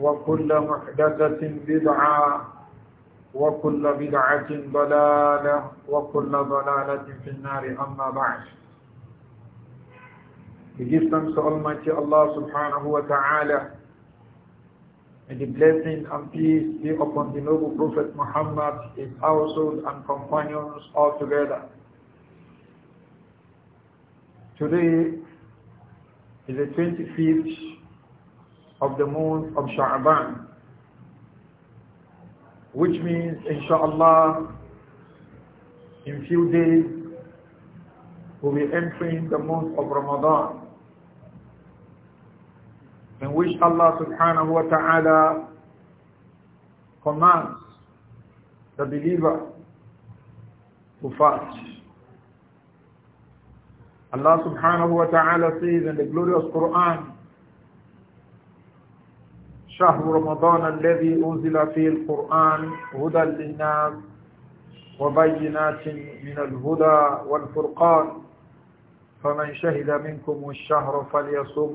وكل محدثة بدعة وكل بدعة ضلالة وكل ضلالة في النار أما بعد We give thanks to Almighty Allah subhanahu wa ta'ala and the blessing and peace be upon the noble Prophet Muhammad, his household and companions all together. Today is the 25th of the month of Sha'ban, which means, inshallah, in few days, we'll be entering the month of Ramadan, in which Allah subhanahu wa ta'ala commands the believer to fast. Allah subhanahu wa ta'ala says in the glorious Quran, شهر رمضان الذي أنزل فيه القرآن هدى للناس وبينات من الهدى والفرقان فمن شهد منكم الشهر فليصم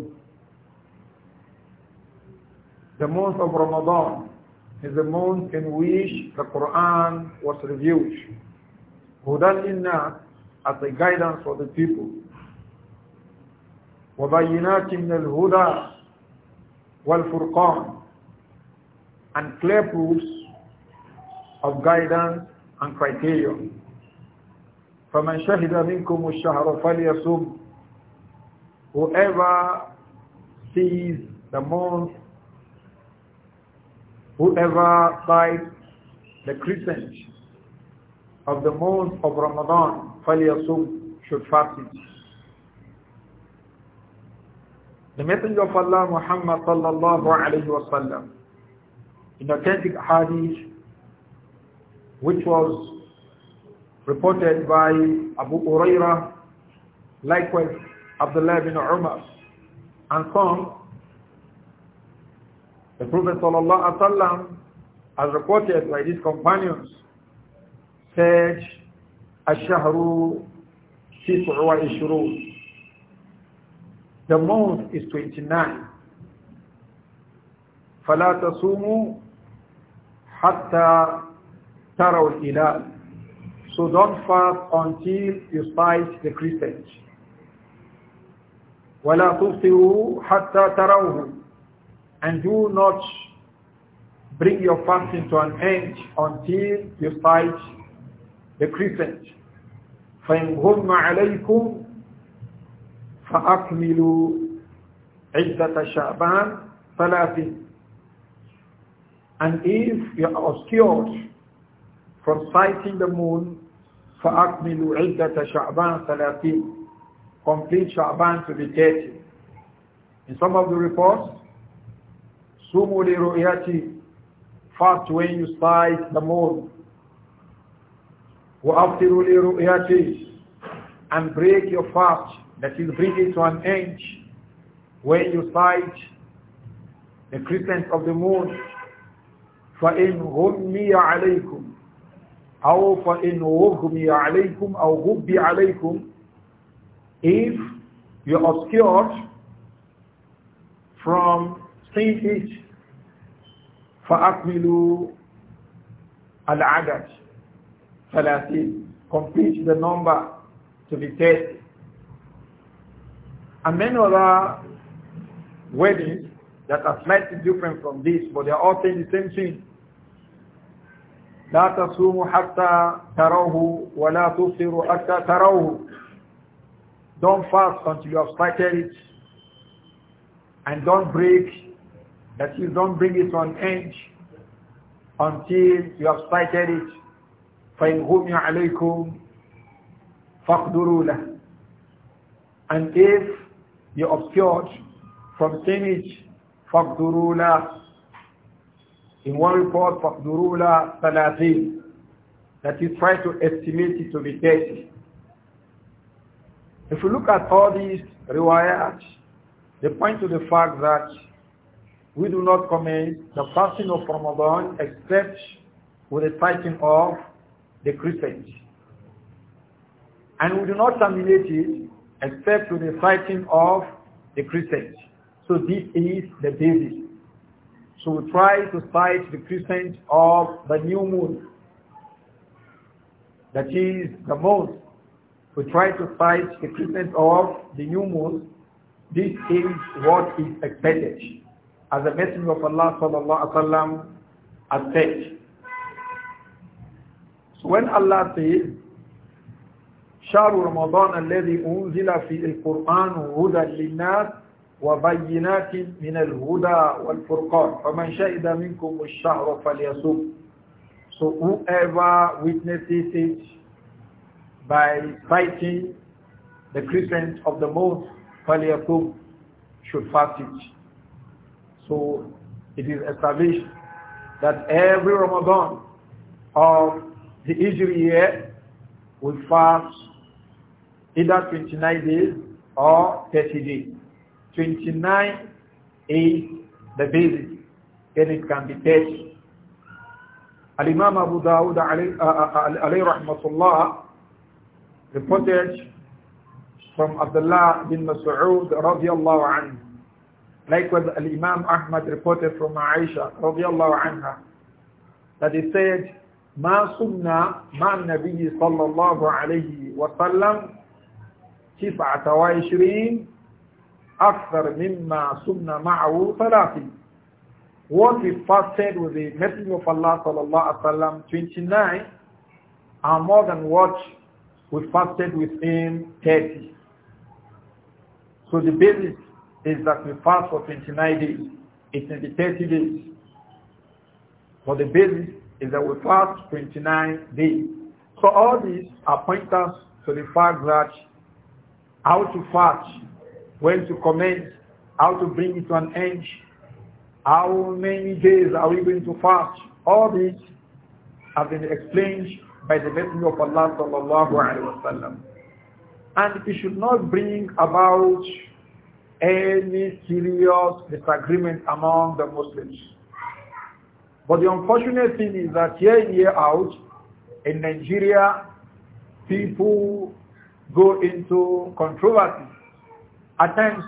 The month of Ramadan is the month in which the Quran was revealed. هدى للناس as a guidance for the people. وبينات من الهدى and clear proofs of guidance and criteria. فَمَنْ شَهِدَ مِنْكُمُ الشَّهْرَ فَلْيَصُمْ Whoever sees the month, whoever sights the crescent of the month of Ramadan, فَلْيَصُمْ should fast it. The Messenger of Allah Muhammad sallallahu alayhi wa sallam in authentic hadith which was reported by Abu Uraira, likewise Abdullah bin Umar and some the Prophet sallallahu wa sallam as reported by these companions said الشهر تسع the month is 29. فَلَا تَصُومُوا حَتَّى تَرَوْا الْإِلَالِ So don't fast until you sight the Christians. وَلَا تُفْتِرُوا حَتَّى تَرَوْهُ And do not bring your fasting to an end until you sight the Christians. فَإِنْ غُمَّ عَلَيْكُمْ فأكملوا عدة شعبان ثلاثين And if you are obscured from sighting the moon, فأكملوا عدة شعبان ثلاثين Complete Sha'ban to be 30. In some of the reports, Sumu li ru'yati, fast when you sight the moon. Wa'aftiru li and break your fast that is, bringing to an end when you sight the crescent of the moon. فَإِنْ غُمِّيَ عَلَيْكُمْ أو فإن غمي عليكم أو غبي عليكم if you are obscured from seeing it فأكملوا العدد ثلاثين complete the number to be 30 and many other weddings that are slightly different from this, but they are all saying the same thing. لا تصوموا حتى تروه ولا تفطروا حتى تروه Don't fast until you have sighted it and don't break, that you don't bring it to an end until you have sighted it. فَإِنْ غُمِيَ عَلَيْكُمْ فَاقْدُرُوا لَهُ And if you obscured from saying it فَقْدُرُونَ In one report, فَقْدُرُونَ ثَلَاثِينَ That you try to estimate it to be 30. If you look at all these riwayat, they point to the fact that we do not commence the fasting of Ramadan except with the sighting of the crescent. And we do not terminate it except to the fighting of the Christians. So this is the basis. So we try to fight the Christians of the new moon. That is the most. We try to fight the Christians of the new moon. This is what is expected. As the Messenger of Allah sallallahu alaihi wasallam has said. So when Allah says, شهر رمضان الذي أنزل القرآن هدى للناس وبينات من الهدى والفرقان فمن شهد منكم الشهر So whoever witnesses it by fighting the crescent of the month, should fast it. So it is established that every Ramadan of the Hijri year will fast either 29 days or 30 days. 29 is the basis, then it can be 30. Al-Imam Abu Dawud uh, uh, uh, alayhi rahmatullah reported from Abdullah bin Mas'ud radiyallahu anhu. Likewise, Al-Imam Ahmad reported from Aisha radiyallahu anha that he said, ما صمنا مع النبي صلى الله عليه وسلم تسعة وعشرين أكثر مما سمنا معه ثلاثين What is fasted with the Messenger of Allah sallallahu alaihi wasallam 29 are more than what we fasted with him 30. So the basis is that we fast for 29 days. It's in the 30 days. But the basis is that we fast 29 days. So all these are pointers to the fact that how to fast, when to commence, how to bring it to an end, how many days are we going to fast. All this have been explained by the Messenger of Allah sallallahu wa wasallam. And it should not bring about any serious disagreement among the Muslims. But the unfortunate thing is that year in year out, in Nigeria, people go into controversy at times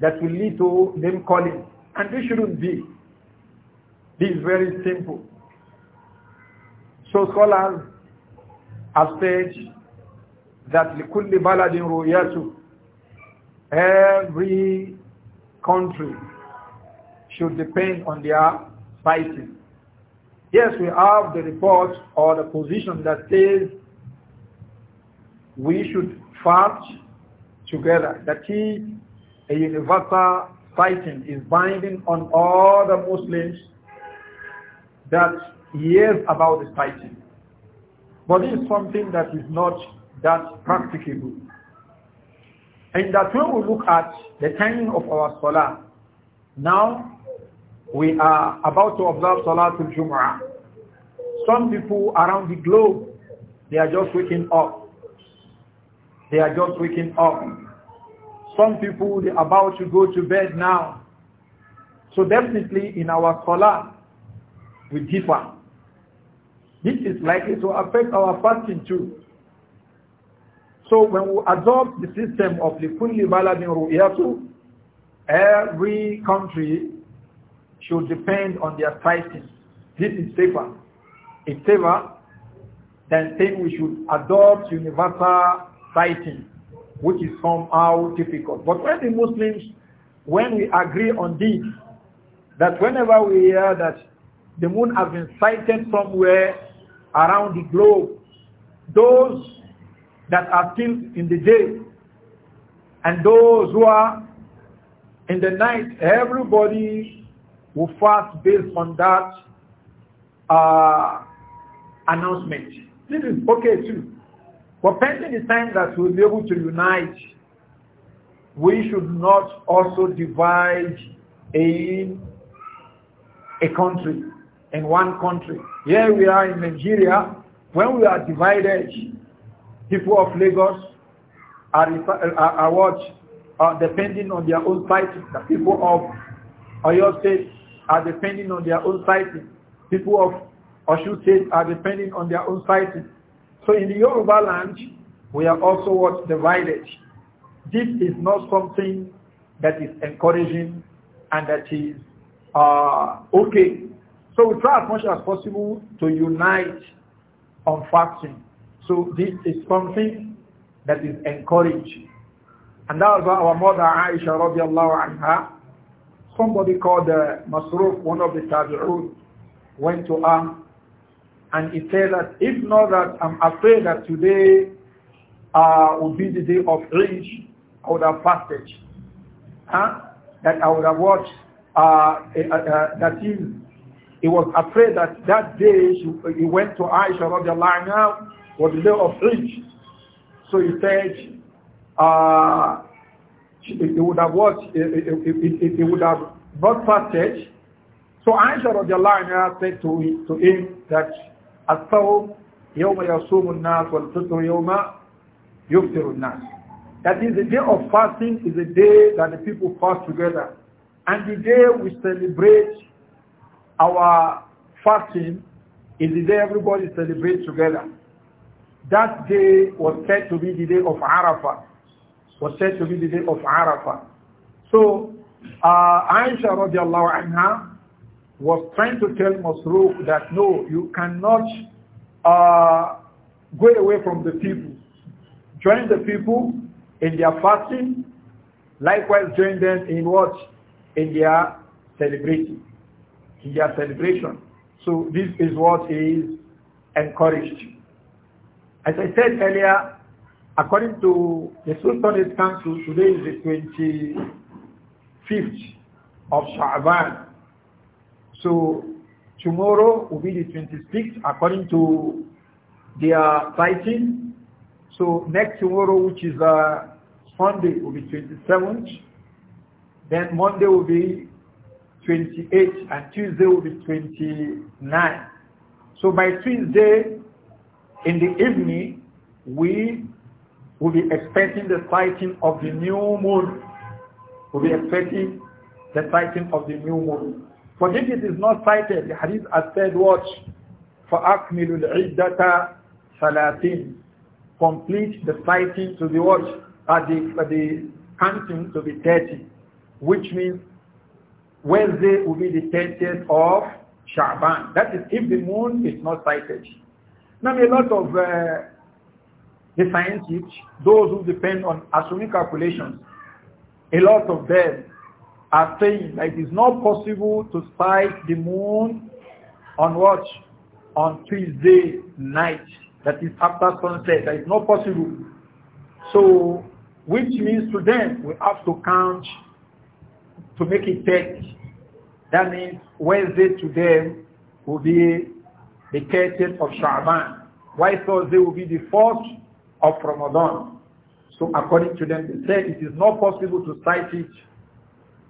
that will lead to name calling. And this shouldn't be. This is very simple. So scholars have said that لِكُلِّ بَلَدٍ رُؤْيَةُ Every country should depend on their fighting. Yes, we have the report or the position that says we should fight together. That is a universal fighting is binding on all the Muslims that hears about this fighting. But this is something that is not that practicable. And that when we look at the timing of our Salah, now we are about to observe Salah to Jum'ah. Some people around the globe, they are just waking up they are just waking up. Some people, they are about to go to bed now. So definitely in our salah, we differ. This is likely to affect our fasting too. So when we adopt the system of the Kulli Baladin Ru'yatu, every country should depend on their tithes. This is safer. It's safer than saying we should adopt universal fighting, which is somehow difficult. But when the Muslims, when we agree on this, that whenever we hear that the moon has been sighted somewhere around the globe, those that are still in the day and those who are in the night, everybody will fast based on that uh, announcement. This is okay too. But pending the time that we'll be able to unite, we should not also divide in a country, in one country. Here we are in Nigeria. When we are divided, people of Lagos are, are, are what? Are depending on their own side. The people of Oyo State are depending on their own side. People of Oshu State are depending on their own side. So in the Yoruba land, we are also what divided. This is not something that is encouraging and that is uh, okay. So we try as much as possible to unite on fasting. So this is something that is encouraged. And that was our mother Aisha radiallahu anha. Somebody called uh, Masruf, one of the Tabi'un, went to her and he said that if not that I'm afraid that today uh, would be the day of Eid, I would have fasted. Huh? That I would have watched, uh, uh, that is, he was afraid that that day she, he went to Aisha radiallahu anha was the day of Eid. So he said, uh, it would have watched, it, would have not fasted. So Aisha radiallahu anha said to, to him that الصوم يوم يصوم الناس والفطر يوم يفطر الناس That is, the day of fasting is a day that the people fast together. And the day we celebrate our fasting is the day everybody celebrates together. That day was said to be the day of Arafah. Was said to be the day of Arafah. So, uh, Aisha radiallahu anha was trying to tell Masruq that no, you cannot uh, go away from the people. Join the people in their fasting, likewise join them in what? In their celebrating, in their celebration. So this is what is encouraged. As I said earlier, according to the Sultanate Council, today is the 25th of Sha'ban so tomorrow will be the 26th according to their fighting. So next tomorrow, which is uh, Sunday, will be 27th. Then Monday will be 28th, and Tuesday will be 29th. So by Tuesday in the evening, we will be expecting the sighting of the new moon. We'll be expecting the sighting of the new moon. For this, it is not cited, the hadith has said what? فَأَكْمِلُ الْعِدَّةَ ثَلَاثِينَ Complete the fighting to the watch, At uh, the, at uh, the counting to be 30, which means Wednesday will be the 30th of Shaban. That is if the moon is not sighted. Now a lot of uh, the scientists, those who depend on astronomical calculations, a lot of them are saying that it is not possible to sight the moon on what? On Tuesday night. That is after sunset. That is not possible. So, which means to them, we have to count to make it 30. That means Wednesday to them will be the 30th of Shaban. Why Thursday will be the 4th of Ramadan. So according to them, they said it is not possible to cite it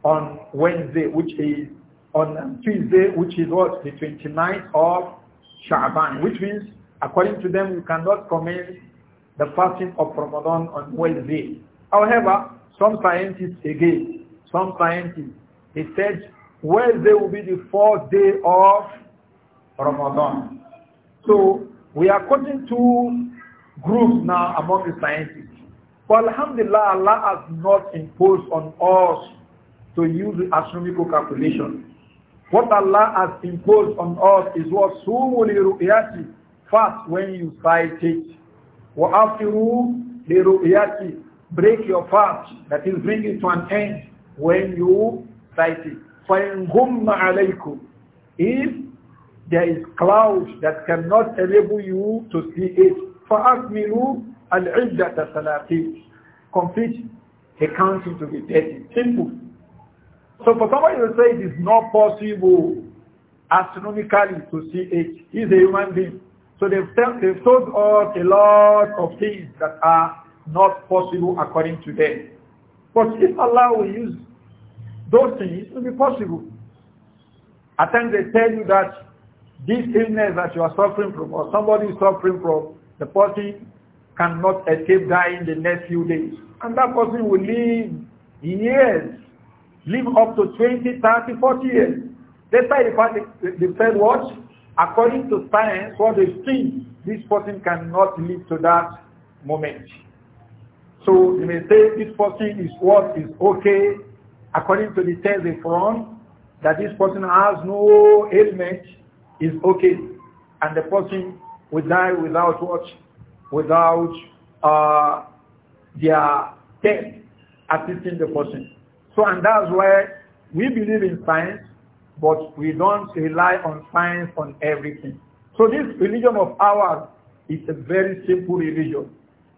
on Wednesday, which is on Tuesday, which is what? The 29th of Sha'ban, which means, according to them, you cannot commence the fasting of Ramadan on Wednesday. However, some scientists again, some scientists, they said Wednesday will be the fourth day of Ramadan. So we are quoting two groups now among the scientists. But Alhamdulillah, Allah has not imposed on us to use astronomical calculation. What Allah has imposed on us is what sumuli ru'yati, fast when you sight it. Wa afiru li ru'yati, break your fast, that is bring it to an end when you sight it. فَإِنْ alaykum. If there is cloud that cannot enable you to see it. فَأَكْمِلُوا الْعِدَّةَ salati Complete the counting to be 30. Simple. So for somebody to say it is not possible astronomically to see it, he's a human being. So they've, tell, they've told us a lot of things that are not possible according to them. But if Allah will use those things, it will be possible. At times they tell you that this illness that you are suffering from or somebody is suffering from, the person cannot escape dying the next few days. And that person will live years live up to 20, 30, 40 years. That's why the fact they According to science, what they think, this person cannot live to that moment. So you may say this person is what is okay according to the test in front, that this person has no ailment is okay. And the person will die without what? Without uh, their test assisting the person. So, and that's why we believe in science, but we don't rely on science on everything. So this religion of ours is a very simple religion.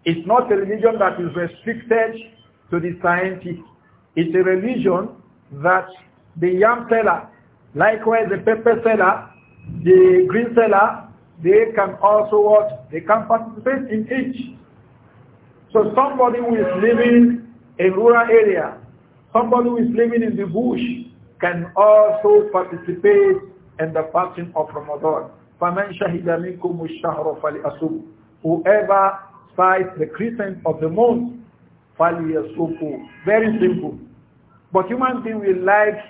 It's not a religion that is restricted to the scientists. It's a religion that the yam seller, likewise the pepper seller, the green seller, they can also watch. They can participate in each. So somebody who is living in rural area Somebody who is living in the bush can also participate in the fasting of Ramadan. فَمَنْ شَهِدَ مِنْكُمُ الشَّهْرَ Whoever sights the crescent of the moon, فَلْيَصُمْهُ Very simple. But human beings we like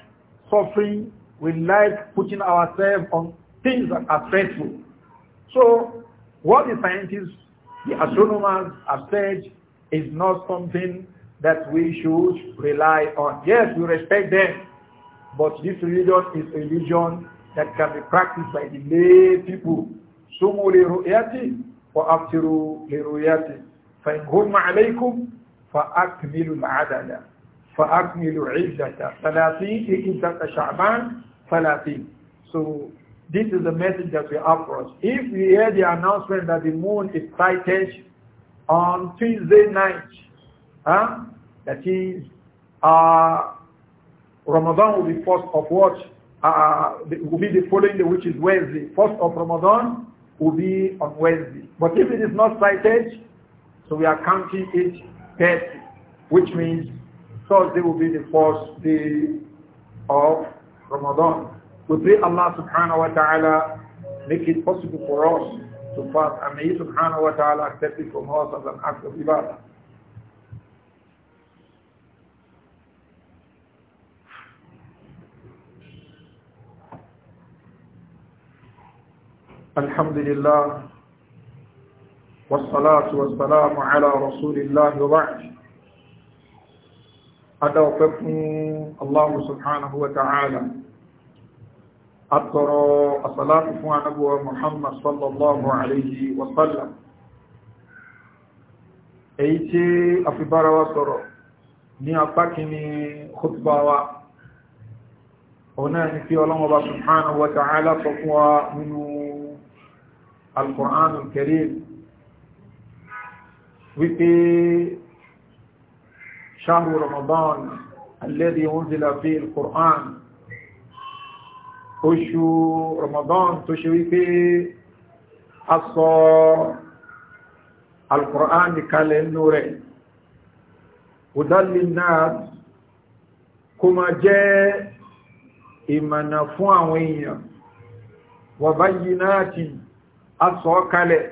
suffering, we like putting ourselves on things that are stressful. So what the scientists, the astronomers have said is not something that we should rely on. Yes, we respect them, but this religion is a religion that can be practiced by the lay people. سموا لرؤيتي وأبصروا لرؤيتي فإن هم عليكم فأكملوا العدد فأكملوا عدة 30 عدة شعبان So this is the message that we have for us. If we hear the announcement that the moon is sighted on Tuesday night, Huh? That is, uh, Ramadan will be first of what? Uh, uh will be the following day, which is Wednesday. First of Ramadan will be on Wednesday. But if it is not cited, so we are counting it 30, which means Thursday will be the first day of Ramadan. We pray Allah subhanahu wa ta'ala make it possible for us to fast and may subhanahu wa ta'ala accept it from us as an act of ibadah. الحمد لله والصلاة والسلام على رسول الله وبعد أدوككم الله سبحانه وتعالى أطر الصلاة فوانبوة محمد صلى الله عليه وسلم أيتي أفبار وصر ni apakini khutba wa ona ni fi ọlọ́mọba subhanahu wa ta'ala al-Qur'an al-Karim wípé ṣáàrù Ramadan alladhi unzila fihi al-Qur'an oṣù Ramadan tó ṣe wípé a sọ al-Qur'an kalẹ̀ nínú rẹ̀ udallin nas kó máa jẹ́ ìmọ̀nà fún àwọn èèyàn wa bayyinatin asọ̀ kalẹ̀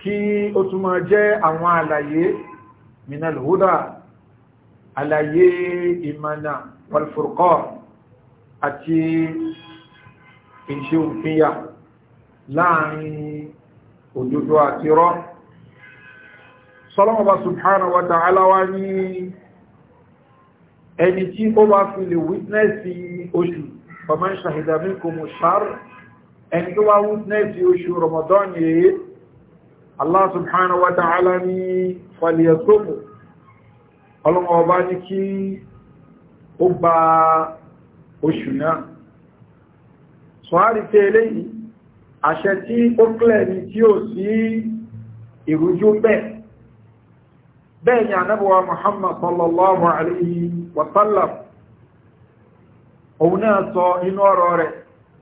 kí ó túnmọ̀ jẹ́ àwọn àlàyé minal huda àlàyé ìmànà walfurqan àti ìṣe òfinya láàrin òdodo àti rọ́ sọ́lọ́mọba subhanahu wa ta'ala wá ní ẹni tí ó bá fi lè wítnẹ́sì oṣù faman shahida minkum ash-shahr ẹni tó wá wúdínẹ́sì oṣù Ramadan yìí Allah subhanahu wa ta'ala ní faliyasomo ọlọ́wọ́ ọba ní kí ó gba oṣù náà sọ́hárí tí eléyìí àṣẹ tí ó kílẹ̀ ní tí ó sí ìrújú bẹ́ẹ̀ bẹ́ẹ̀ ni ànábọ̀wà Muhammad sallallahu alaihi wasallam òun náà sọ inú ọ̀rọ̀ rẹ̀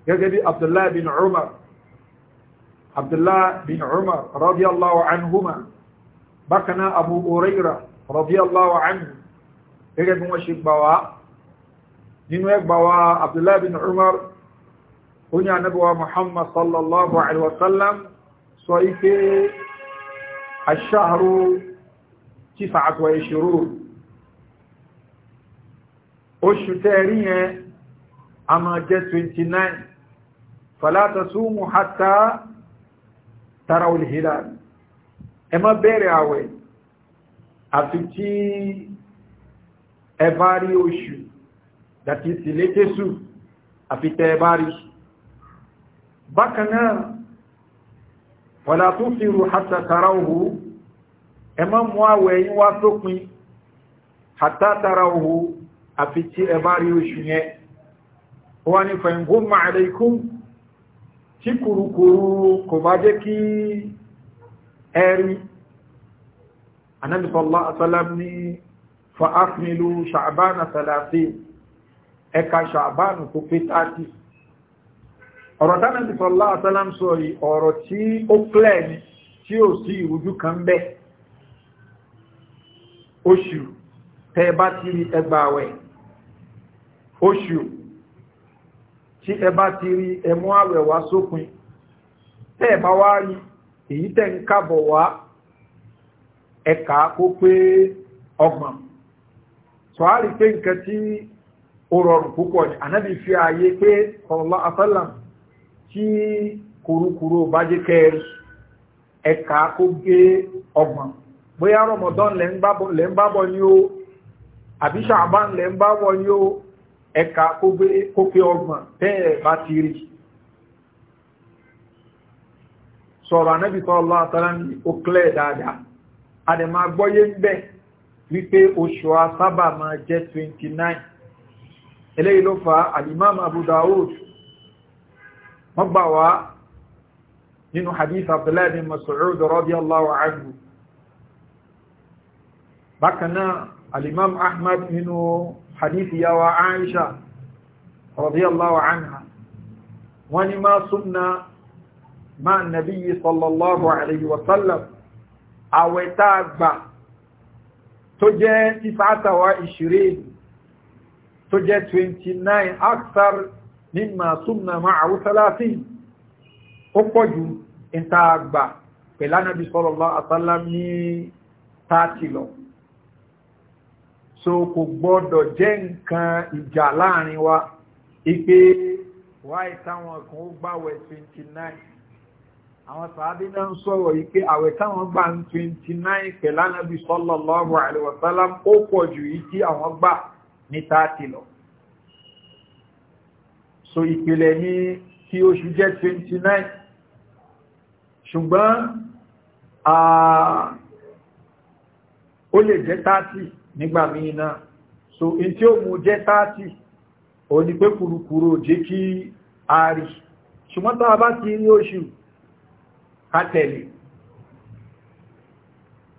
gẹ́gẹ́ bí abdullahi bin umar abdullahi bin umar radiyallahu anhuma bákaná abu uraira radiyallahu anhu gẹ́gẹ́ bí wọ́n ṣe gbàwá nínú ẹgbàwá abdullahi bin umar oní anábíwa muhammad sallallahu alaihi wasallam sọ ike aṣáàrù tífà àtọ̀ ìṣirò oṣù tẹ́ẹ̀rí yẹn a máa jẹ́ 29 fala tasumu hatta taraw al-hilal ẹ má bẹ̀rẹ̀ àwẹ̀ àti tí ẹ bá rí oṣù dàti ìsìlétésù àfi tẹ́ ẹ bá rí bákan náà fala tufiru hatta tarawhu ẹ má mú àwẹ̀ yín wá sópin hatta tarawhu àfi tí ẹ bá rí oṣù yẹn wọ́n ni fa in ghumma alaykum tí kùrùkùrù kò bá jẹ́ kí ẹ̀rí Ànábì sallallahu alaihi wasallam ní fa'afnilu ṣàbánà tàlàfí ẹka ṣàbánà tó pé tààtì ọ̀rọ̀ tí Ànábì sallallahu alaihi wasallam sọ yìí ọ̀rọ̀ tí ó pẹ́ ni tí ó sí ìrújú kan bẹ́ oṣù tẹ́ bá ti rí ẹgbàwẹ̀ tí ẹ bá ti rí ẹmú àwẹ̀ wá sópin tẹ́ ẹ bá wá rí èyí tẹ́ ń kábọ̀ wá ẹ̀ka kó pé ọgbọ̀n á rí pé nǹkan tí ó rọrùn púpọ̀ ní ànábì fi ààyè pé ọ̀lá asálàm tí kùrukùru bá jẹ́ kẹ́ẹ̀rí ẹ̀ka Eka kobe koke ɔgba tɛɛ batiri sɔrɔ anabi sɔlɔ atala ni o kilɛ daada adama gbɔ ye bɛ wipe osua saba maje jɛ twenty nine eléyìí ló fa alimami abudulayi wọn gba wa nínú hadith abdullahi bin masoud rabi allah wa anu bákan náà alimami ahmad ninu. hadith yawa aisha radiyallahu anha wani ma sunna ma nabi sallallahu alaihi wasallam àwẹ̀ tá a gbà tó jẹ́ tisatawa 29 aksar mimma sunna ma'ahu 30 ó pọ̀jù ìta àgbà pẹ̀lá nabi sallallahu alaihi wasallam 30 so kò gbọ́dọ̀ jẹ́ nǹkan ìjà láàrin wa ipe wáyé táwọn kan ó gbàwẹ̀ twenty nine àwọn sàábí náà ń sọ̀rọ̀ yìí àwẹ̀ táwọn gbà ń twenty nine pẹ̀lá nàbí sallallahu alaihi wasallam ó pọ̀ jù yìí tí àwọn gbà ní thirty lọ. so ìpìlẹ̀ ní kí oṣù jẹ́ twenty nine ṣùgbọ́n ó lè jẹ́ thirty nígbà míì náà so in tí ó mú jẹ́ 30 o ní pé kùrùkùrù jẹ́ kí a rí ṣùgbọ́n tó a bá ti rí oṣù kátẹ̀lì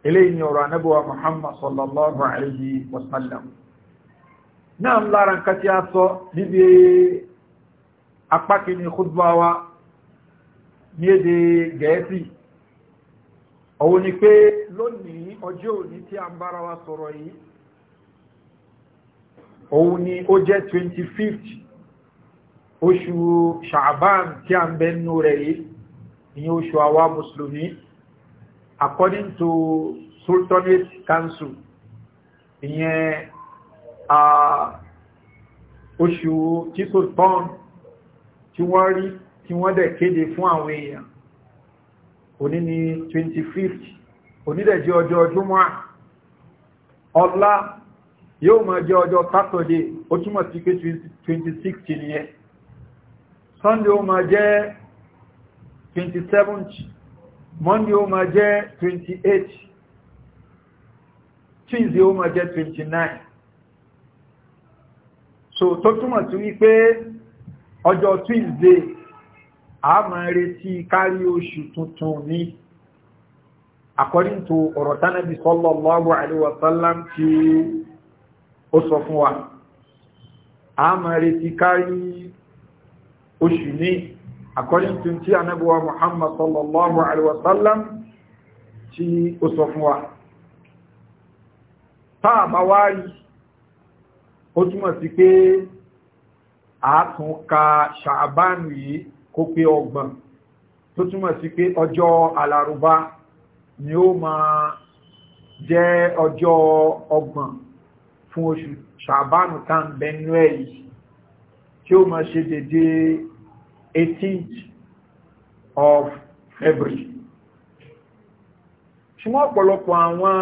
eléyìn ọ̀rọ̀ anábọ̀wà muhammad sallallahu alayhi wa sallam náà ń lára nǹkan tí a sọ níbi apákiní òun ni pé lónìí ọjọ́ òní tí a ń bára wa sọ̀rọ̀ yìí òun ni ó jẹ́ 25th oṣù ṣàbán tí a ń bẹ nínú rẹ̀ yìí ní oṣù àwa mùsùlùmí according to sultanate council ìyẹn oṣù tí sultan tí wọ́n rí tí wọ́n dẹ̀ kéde fún àwọn èèyàn òní ni 25th onídẹ̀jẹ́ ọjọ́ júmọ́ ọlá yóò máa jẹ́ ọjọ́ sátọ̀dé ó túnmọ̀ sí pé 26th nìyẹn sunday ó máa jẹ́ 27 monday ó máa jẹ́ 28 tuesday ó máa jẹ́ 29 so tó túnmọ̀ sí wípé ọjọ́ tuesday a máa retí kárí oṣù tuntun ní according to ọ̀rọ̀ tánàbí sallallahu alaihi wa sallam tí ó sọ fún wa a retí kárí oṣù ní according to tí anábíwa muhammad sallallahu alaihi wa sallam tí ó sọ fún wa táà bá ó túmọ̀ sí pé àátún ka ṣàbánu yìí kó pé ọgbọ̀n tó túmọ̀ sí pé ọjọ́ alárùbá ni ó máa jẹ́ ọjọ́ ọgbọ̀n fún oṣù ṣàbánù tá ń ẹ̀ yìí tí ó máa ṣe dédé 18th of February ṣùgbọ́n ọ̀pọ̀lọpọ̀ àwọn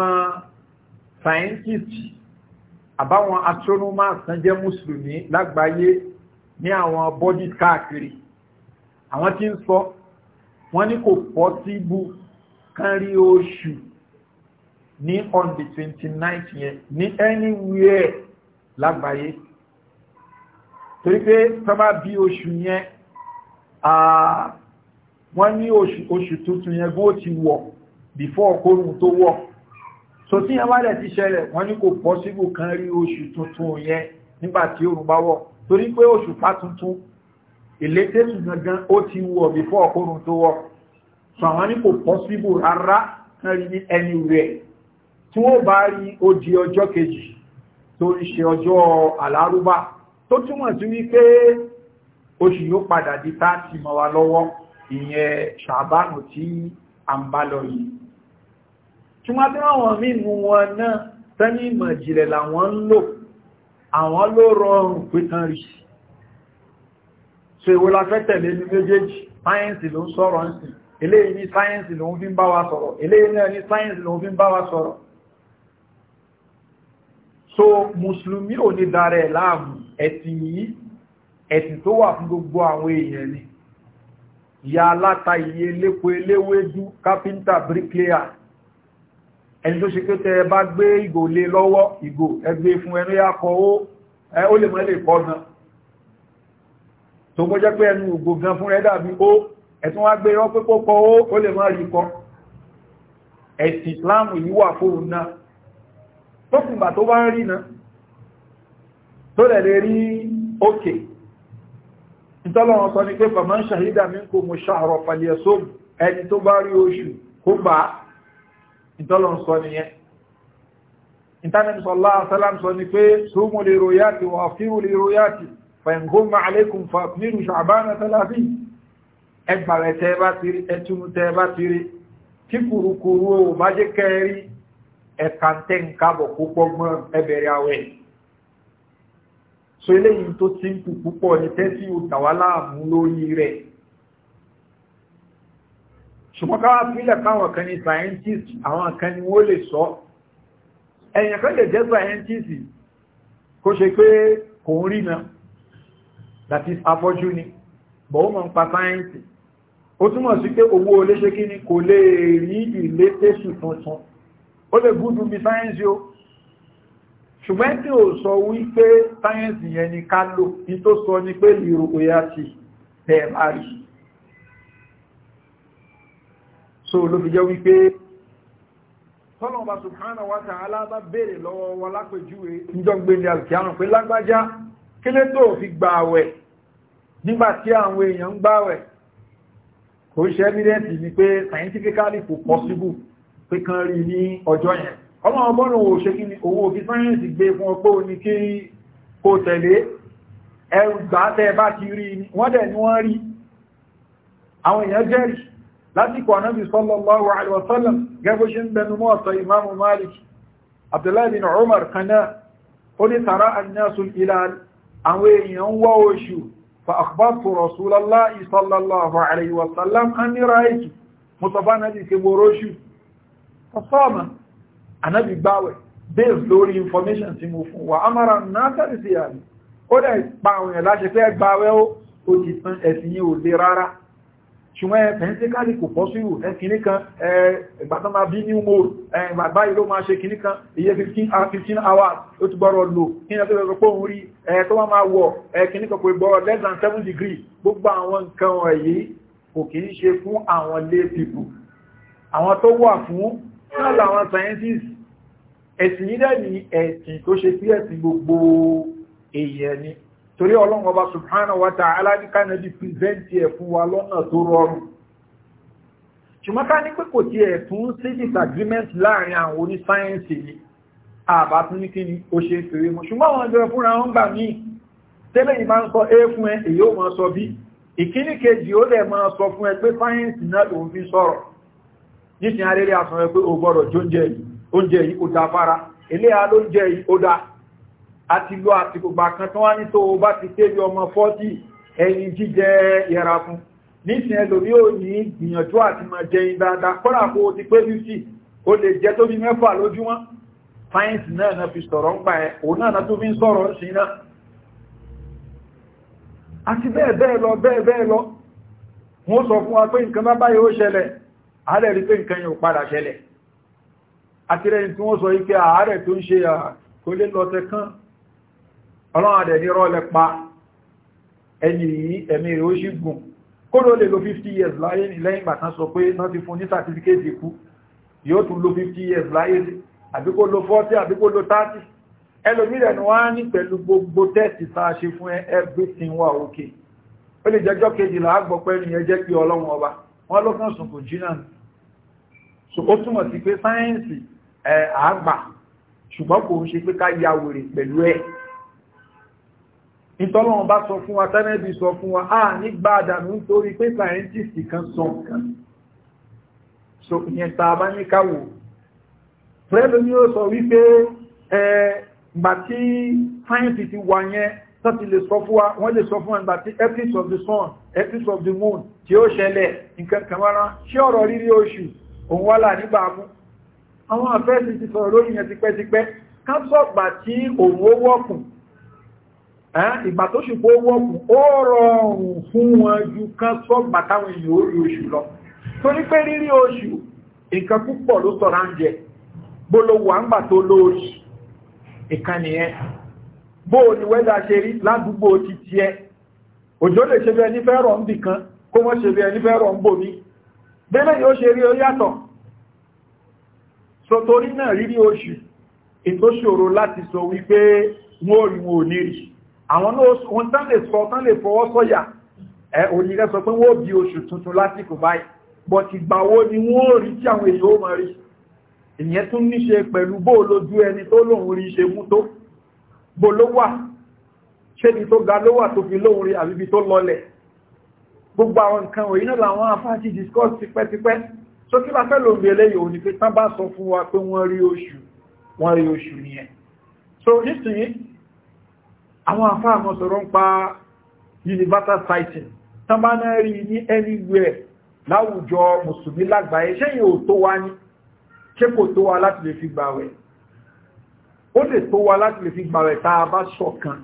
scientist àbáwọn astronomers tán jẹ́ mùsùlùmí lágbàáyé ní àwọn body káàkiri àwọn tí ń sọ wọ́n ní kò pọ́síbù kán rí oṣù ní on the 29th yẹn ní anywhere lágbàáyé torí pé sọ́mà bí oṣù yẹn wọ́n ní oṣù tuntun yẹn bó ti wọ̀ before kórùn tó wọ̀ so tí yẹn wálẹ̀ ti ṣẹlẹ̀ wọ́n ní kò pọ́síbù kán rí oṣù tuntun yẹn nígbàtí òrùn bá wọ̀ torí pé oṣù fá tuntun ìlétẹ́sù gangan ó ti wọ̀ bí fọ́ ọkùnrin tó wọ́ so àwọn ní kò pọ́síbù rárá náà rí ní ẹni rẹ̀ tí wọ́n bá rí ó di ọjọ́ kejì tó ń ṣe ọjọ́ àlárúbá tó túmọ̀ sí wípé oṣù yóò padà di táàtì mọ́ wa lọ́wọ́ ìyẹn ṣàbánù tí a ń bá lọ yìí tí bí wọ́n mímú wọn náà tẹ́ni ìmọ̀ ìjìnlẹ̀ làwọn ń lò àwọn ló rọrùn pé tán rí sí so èwo la fẹ́ tẹ̀lé ní méjèèjì sáyẹ́nsì ló ń sọ̀rọ̀ ń sìn eléyìí ní sáyẹ́nsì ló ń fi ń bá wa sọ̀rọ̀ eléyìí ní sáyẹ́nsì ló ń fi ń bá wa sọ̀rọ̀ so mùsùlùmí ò ní darẹ̀ láàmù ẹ̀sìn yìí ẹ̀sìn tó wà fún gbogbo àwọn èèyàn ni ìyá aláta iye lépo eléwédú kápíntà bríkléà ẹni tó ṣe pé tẹ bá gbé ìgò lé lọ́wọ́ ìgò ẹgbẹ́ fún ẹnu yá kọ ó lè mọ́ lè kọ́ náà tó kó jẹ́ pé ẹnu ògbò gan fún rẹ̀ dàbí ó ẹ̀tún wá gbé rán pé pọ́pọ́ ó ó lè má rí kọ ẹ̀sì islamu yìí wà fóòrùn náà tó kùnbà tó bá ń rí náà tó lẹ̀ lè rí òkè ìtọ́lọ́wọ́n sọ ni pé bàmá ń ṣàhídà mi kò mú ṣàrọ̀ pàlẹ̀ sóòmù ẹni tó bá rí fẹ̀ǹgọ́mà alékùn fàmílù ṣàbánà tàlàfí ẹgbàrẹ̀ tẹ́ẹ̀bá tiri ẹtúnú tẹ́ẹ̀bá tiri tí kùrùkùrù o bá jẹ́ kẹ́rí ẹ̀ka tẹ́ǹkàbọ̀ púpọ̀ gbọ́n ẹbẹ̀rẹ̀ awẹ́ so eléyìí tó ti ń kù púpọ̀ ní tẹ́sí òtàwáláàmú ṣe pé kò ń rí náà that is afọ́jú ni bọ̀ ó mọ̀ ń pa sáyẹ́ǹsì ó túnmọ̀ sí pé owó oléṣe kí ni kò lè rí ilé tẹ́sù tuntun ó lè gúdù bí sáyẹ́ǹsì o ṣùgbọ́n tí ó sọ wípé sáyẹ́ǹsì yẹn ni ká lò ní tó sọ ni pé lèrò òyà ti bẹ̀ẹ̀ bá rí so ló fi jẹ́ wípé tọ́lọ̀ọba subhanahu wa ta'ala bá béèrè lọ́wọ́ wọn lápèjúwe níjọ́ gbé ní alkiyama pé lágbájá kí lé fi gbà àwẹ̀ nígbàtí àwọn èèyàn ń gbáwẹ̀ kò ṣe evidence ni pé scientifically kò possible pé kan rí ní ọjọ́ yẹn ọmọ ọgbọ́nà owó ṣe kí ni owó òbí sáyẹ̀nsì gbé fún ọpọ́ ní kí kò tẹ̀lé ẹrù gbáàtẹ̀ bá ti rí ni wọ́n dẹ̀ ni wọ́n rí àwọn èèyàn jẹ́rì lásìkò ànábì sallallahu alaihi àwọn èèyàn ń wọ́ oṣù فأخبرت رسول الله صلى الله عليه وسلم أني رأيت مصطفى نبي كبروشي فصام النبي باوي based lórí information tí mo fún wa amara nasa sí àmì ó dẹ̀ pa àwọn èèyàn láṣẹ fẹ́ gbáwẹ́ ó ti tán ẹ̀sìn yìí ò lè rárá ṣùgbọ́n ẹ̀pẹ̀ntẹ́kálì kò pọ́ síwò ẹkìní kan ẹgbàtán máa bí ní umar ẹgbàgbá ìlú máa ṣe kìní kan iye 15 ah, hours ó ti bọ́rọ̀ lò kí ní ọjọ́ pé òun rí ẹ̀tọ́ wá máa wọ̀ ẹkìní kan kò bọ́rọ̀ less than 7 degree gbogbo àwọn nǹkan ẹ̀yí kò kì í ṣe fún àwọn lay people àwọn tó wà fún náà àwọn scientists ẹ̀sìn yìí dẹ̀ ní ẹ̀sìn tó ṣe sí torí ọlọ́run ọba subhanahu wa ta'ala ní kánàbí pìrìsẹ́ntì ẹ̀ fún wa lọ́nà tó rọrùn ṣùgbọ́n ká ní pé kò tiẹ̀ tún sí disagreement láàrin àwọn onísáyẹ́ǹsì ni àbá tún ní kíni ó ṣe é fèrè mọ́ ṣùgbọ́n àwọn ẹgbẹ́ fúnra wọn gbà míì tẹ́lẹ̀ yìí máa ń sọ a fún ẹ èyí ó máa sọ bí ìkíní kejì ó dẹ̀ máa sọ fún ẹ pé sáyẹ́ǹsì náà lòun fi sọ̀rọ̀ níṣìí arẹ́rẹ́ àsọ̀rọ̀ pé o gbọ́dọ̀ jóúnjẹ yìí oúnjẹ yìí ó da fara eléyà lóúnjẹ yìí ó da àti lọ àti gbogbo kan tó wá ní tó bá ti tẹ́lẹ̀ ọmọ 40 ẹyin jíjẹ yẹra fún nísìn ẹlòmí ò ní gbìyànjú àti máa jẹyin dáadáa kọ́nà kó ti pé 50 ó lè jẹ tó bí mẹ́fà lójúmọ́ sáyẹ́nsì náà na fi sọ̀rọ̀ ń pa ẹ̀ òun náà tó fi ń sọ̀rọ̀ sí náà àti bẹ́ẹ̀ bẹ́ẹ̀ lọ bẹ́ẹ̀ bẹ́ẹ̀ lọ wọ́n sọ fún wa pé nǹkan bá báyìí ó ṣẹlẹ̀ ààrẹ rí pé nǹkan yóò padà ṣẹlẹ̀ àti rẹ̀ tí wọ́n sọ ike ààrẹ tó ń ṣe à lọ́tẹ̀ kan ọlọ́run àdẹ̀ ní rọ́ọ̀lẹ́ pa ẹni yìí ẹ̀mí rẹ̀ ó sì gùn kódó lè lo 50 years láyé lẹ́yìn bàtán sọ pé náà ti fún ní sàtífíkẹ́tì ikú yóò tún lo 50 years láyé àbí kó lo 40 àbí lo 30 ẹlòmí rẹ̀ ni wọ́n á ní pẹ̀lú gbogbo tẹ́ẹ̀tì tá a ṣe fún ẹ everything wà okay ó lè jẹ́jọ́ kejìlá àgbọ̀ pẹ́lú yẹn jẹ́ pé ọlọ́run ọba wọ́n ló kàn sùn kò jí náà so ó túmọ̀ sí pé sáyẹ́ǹsì àgbà ṣùgbọ́n kò ń ṣe pé ká ya wèrè pẹ̀lú ẹ̀ ìtọ́lọ́wọ́n bá sọ fún wa tẹ́lẹ̀bí sọ fún wa a ah, nígbà àdànù nítorí pé scientist kan sọ nǹkan so ìyẹn ta bá ní káwò fúrẹ́lú ni ó sọ wípé ẹgbà tí science ti wà yẹn tọ́tí lè sọ fún wa wọ́n lè sọ fún ẹgbà tí eclipse of the sun eclipse of the moon tí ó ṣẹlẹ̀ nǹkan kàmọ́ra ṣé ọ̀rọ̀ rírí oṣù òun wà láà nígbà mú àwọn afẹ́sì ti sọ̀rọ̀ lórí yẹn tipẹ́tipẹ́ ká sọ̀gbà tí òun ó wọ́kùn ìgbà tó ṣùpọ̀ wọ́pù ó rọrùn fún wọn ju kán sọ́gbà táwọn èèyàn orí oṣù lọ tó ní pé rírí oṣù nǹkan púpọ̀ ló sọ̀rọ̀ oúnjẹ gbólówó àǹgbà tó lóòṣì ìkànnì ẹ bóò ni wẹ́dà ṣe rí ládùúgbò ti ti ẹ òjò lè ṣe bí ẹni fẹ́ rọ̀ ń bì kan kó wọ́n ṣe bí ẹni fẹ́ rọ̀ ń bò mí bẹ́lẹ̀ yóò ṣe rí oríyàtọ̀ so torí náà rírí oṣù ètò láti sọ wípé wọ́n rí wọn ò ní rí àwọn ohun tán lè sọ tán lè fọwọ́ sọ́yà ẹ òyìnká sọ pé wọ́n bí oṣù tuntun lásìkò báyìí bọ̀ ti gbà wo ni wọ́n rí tí àwọn èèyàn ó mọ̀ rí ìyẹn tún níṣe pẹ̀lú bó lójú ẹni tó lóun rí ṣe mú tó bó ló wà ṣé ni tó ga ló wà tó fi lóun rí àbíbi tó lọlẹ̀ gbogbo àwọn nǹkan òyìn náà làwọn afáàtì discuss tipẹ́tipẹ́ tó kí àwọn àfáà mọ́ sọ̀rọ̀ ń pa universal sighting tán bá náà rí ní anywhere láwùjọ mùsùlùmí lágbàáyé ṣé yìí ò tó wá ní ṣé kò tó wá láti lè fi gbàwẹ̀ ó lè tó wá láti lè fi gbàwẹ̀ tá a bá ṣọ̀kan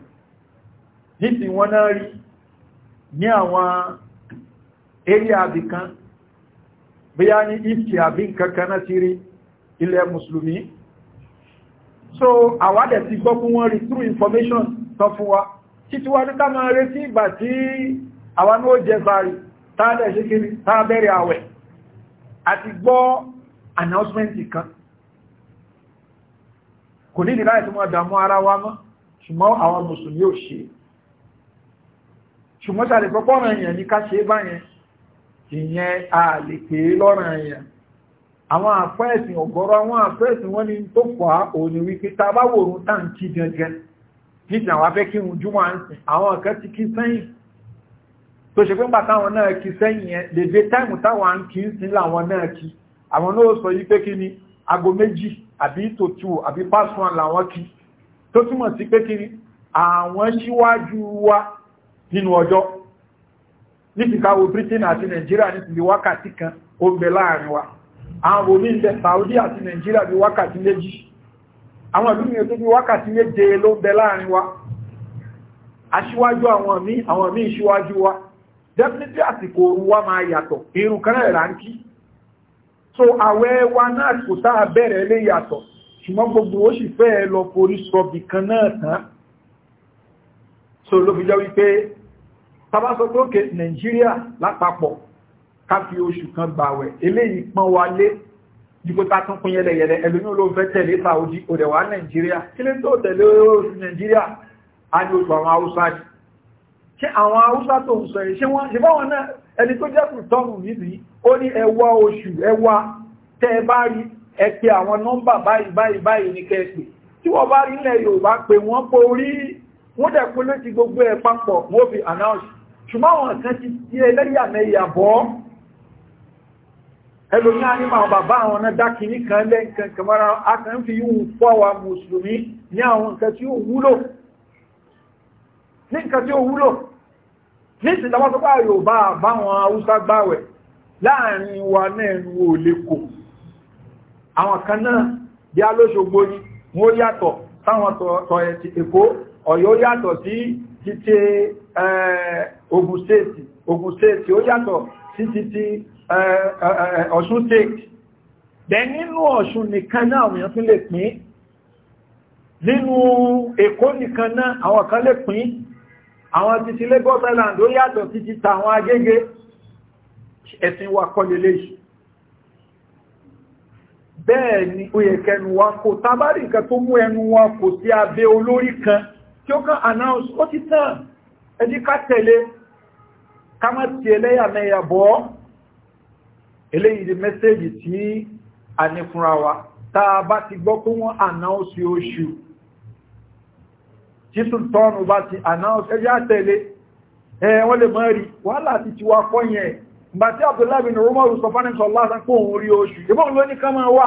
ní tí wọ́n náà rí ní àwọn eré àbìkan bóyá ní ìfì àbí kankan náà ti rí ilẹ̀ mùsùlùmí so àwádẹ̀ ti gbọ́ fún wọn rí through information tán fún wa títí wá títà máa retí ìgbà tí àwọn ní ó jẹ sáré tààdẹ̀ ṣe kiri tààbẹ̀rẹ̀ àwẹ̀ àti gbọ́ announcement kan kò ní ìdílá ìtumọ̀ dàmú ara wa mọ́ ṣùgbọ́n àwọn mùsùlùmí ò ṣe ṣùgbọ́n sàlẹ̀ pọ́pọ́ ọ̀rọ̀ èèyàn àwọn àfẹ́ẹ̀sìn ọ̀gọ́rọ̀ àwọn àfẹ́ẹ̀sìn wọ́n ni tó fà á òní wípé ta bá wòrún táǹkì gangan nísìn àwọn afẹ́ kírun júmọ́ àǹsìn àwọn kan ti kí sẹ́yìn tó ṣe pé ń bàtà àwọn náà kí sẹ́yìn yẹn lè dé táìmù táwọn à ń kí sí làwọn náà kí àwọn náà sọ yí pé kí ni aago méjì àbí tòtù àbí pásùn làwọn kí tó túmọ̀ sí pé kí ni àwọn síwájú wa nínú ọjọ́ nísìn káwo Britain àti Nàìjíríà nísìn bí wákàtí kan ó ń láàrin wa àwọn omi ń Saudi àti Nàìjíríà bí wákàtí méjì àwọn ìlú mìíràn tó bí wákàtí méje ló ń bẹ láàrin wa aṣíwájú àwọn mí àwọn mí ṣíwájú wa definitely àsìkò ooru wa máa yàtọ̀ irun kan rẹ̀ ránkí so àwẹ̀ wa náà kò sáà bẹ̀rẹ̀ lé yàtọ̀ ṣùgbọ́n gbogbo ó sì fẹ́ lọ forí sọ̀bì kan náà tán so ló fi jẹ́ wípé tàbá sọ pé òkè nàìjíríà lápapọ̀ ká fi oṣù kan gbàwẹ̀ eléyìí pọ́n wa lé jípo tá tún pín yẹlẹyẹlẹ ẹlòmí olóhùn fẹ́ tẹ̀lé Saudi ó dẹ̀ wá Nàìjíríà kí ló tó tẹ̀lé oṣù Nàìjíríà á ní oṣù àwọn Haúsá ni ṣé àwọn Haúsá tó ń sọ yìí ṣé wọ́n ṣe báwọn náà ẹni tó jẹ́ kù tọ́nù níbi ó ní ẹwà oṣù ẹwà tẹ́ ẹ bá rí ẹ pé àwọn nọ́mbà báyìí báyìí báyìí ní kẹ́ẹ̀pẹ̀ tí wọ́n bá rí ilẹ̀ Yorùbá pé wọ́n pé orí wọ́n dẹ̀ pé ló ti gbogbo ẹ̀ papọ̀ wọ́n fi announce ṣùgbọ́n àwọn ẹlòmí a nípa àwọn bàbá àwọn ọ̀nà dákì ní kan lẹ́ nǹkan kàmọ́ra fi yíò fọ́ wa mùsùlùmí ní àwọn nǹkan tí ó wúlò ní nǹkan tí ó wúlò ní ìsìnlọ́wọ́sọ́pá yorùbá àbáwọn haúsá gbáwẹ̀ láàrin wa náà ẹnu ò lè kò àwọn kan náà bí a lóṣogbo ní wọ́n yàtọ̀ táwọn tọ̀ ẹ̀ ti èkó ọ̀yọ́ Eh, eh, eh, ọ̀ṣun state bẹ nínú ọ̀ṣun nìkan náà àwọn èèyàn tún lè pín nínú èkó nìkan náà àwọn kan lè pín àwọn títí lagos island ó yàtọ̀ títí ta àwọn agége ẹ̀sìn wa kọ́ lélẹ̀ yìí bẹ́ẹ̀ ni ó yẹ kẹnu wa kò tabari nǹkan tó mú ẹnu wa kò sí abẹ́ olórí kan tí ó kàn announce ó ti tàn ẹjí ká tẹ̀lé ká má ti ẹlẹ́yàmẹ̀yà bọ́ eléyìí di mẹ́sẹ́jì tí a ní fúnra wa tá a bá ti gbọ́ pé wọ́n announce oṣù títún tọ́nù bá ti announce ẹjá tẹ̀lé ẹ wọ́n lè mọ́ rí wàhálà ti ti wá fọ́ yẹn ìgbà tí Abdullahi bin Umaru sọ fánìm sọ lásán pé òun rí oṣù ìbọn ló ní ká máa wá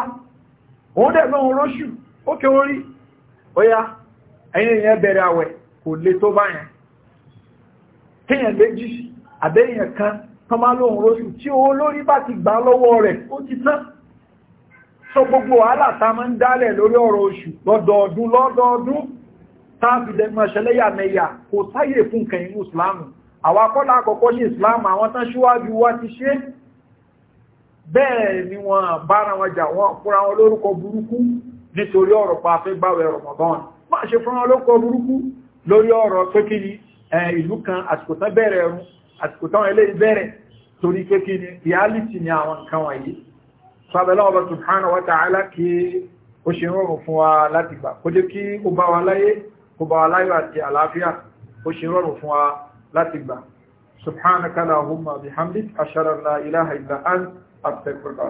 òun dẹ̀ lóhun róṣù ó kí orí ó yá ẹ̀yìn ìyẹn bẹ̀rẹ̀ àwẹ̀ kò lè tó báyẹn kíyàn méjì àbẹ́yìn kan tọ́má lóhun oṣù tí olórí bá ti gbà lọ́wọ́ rẹ̀ ó ti tán sọ gbogbo wàhálà ta máa ń dálẹ̀ lórí ọ̀rọ̀ oṣù lọ́dọọdún lọ́dọọdún táàbì dẹgbàṣẹlẹ́yàmẹ̀yà kò sáyè fún kẹ̀yìn inú ìsìláàmù àwọn akọ́lá àkọ́kọ́ ní ìsìláàmù àwọn tán ṣíwájú wá ti ṣe bẹ́ẹ̀ ni wọ́n bára wọn jà wọ́n fúnra wọn lórúkọ ìlú kan àsìkò tán bẹ̀rẹ̀ ẹ̀rùn àsìkò tán eléyìí bẹ̀rẹ̀ torí pé kí ni reality ni àwọn nǹkan wọ̀nyí sábẹ̀lá ọba subhanahu wa ta'ala kí ó ṣe rọrùn fún wa láti gbà kó jẹ́ kí ó bá wa láyé kó bá wa láyé àti àlàáfíà ó ṣe rọrùn fún wa láti gbà subhanaka lahumma bihamdik ashara la ilaha illa ant astaghfiruka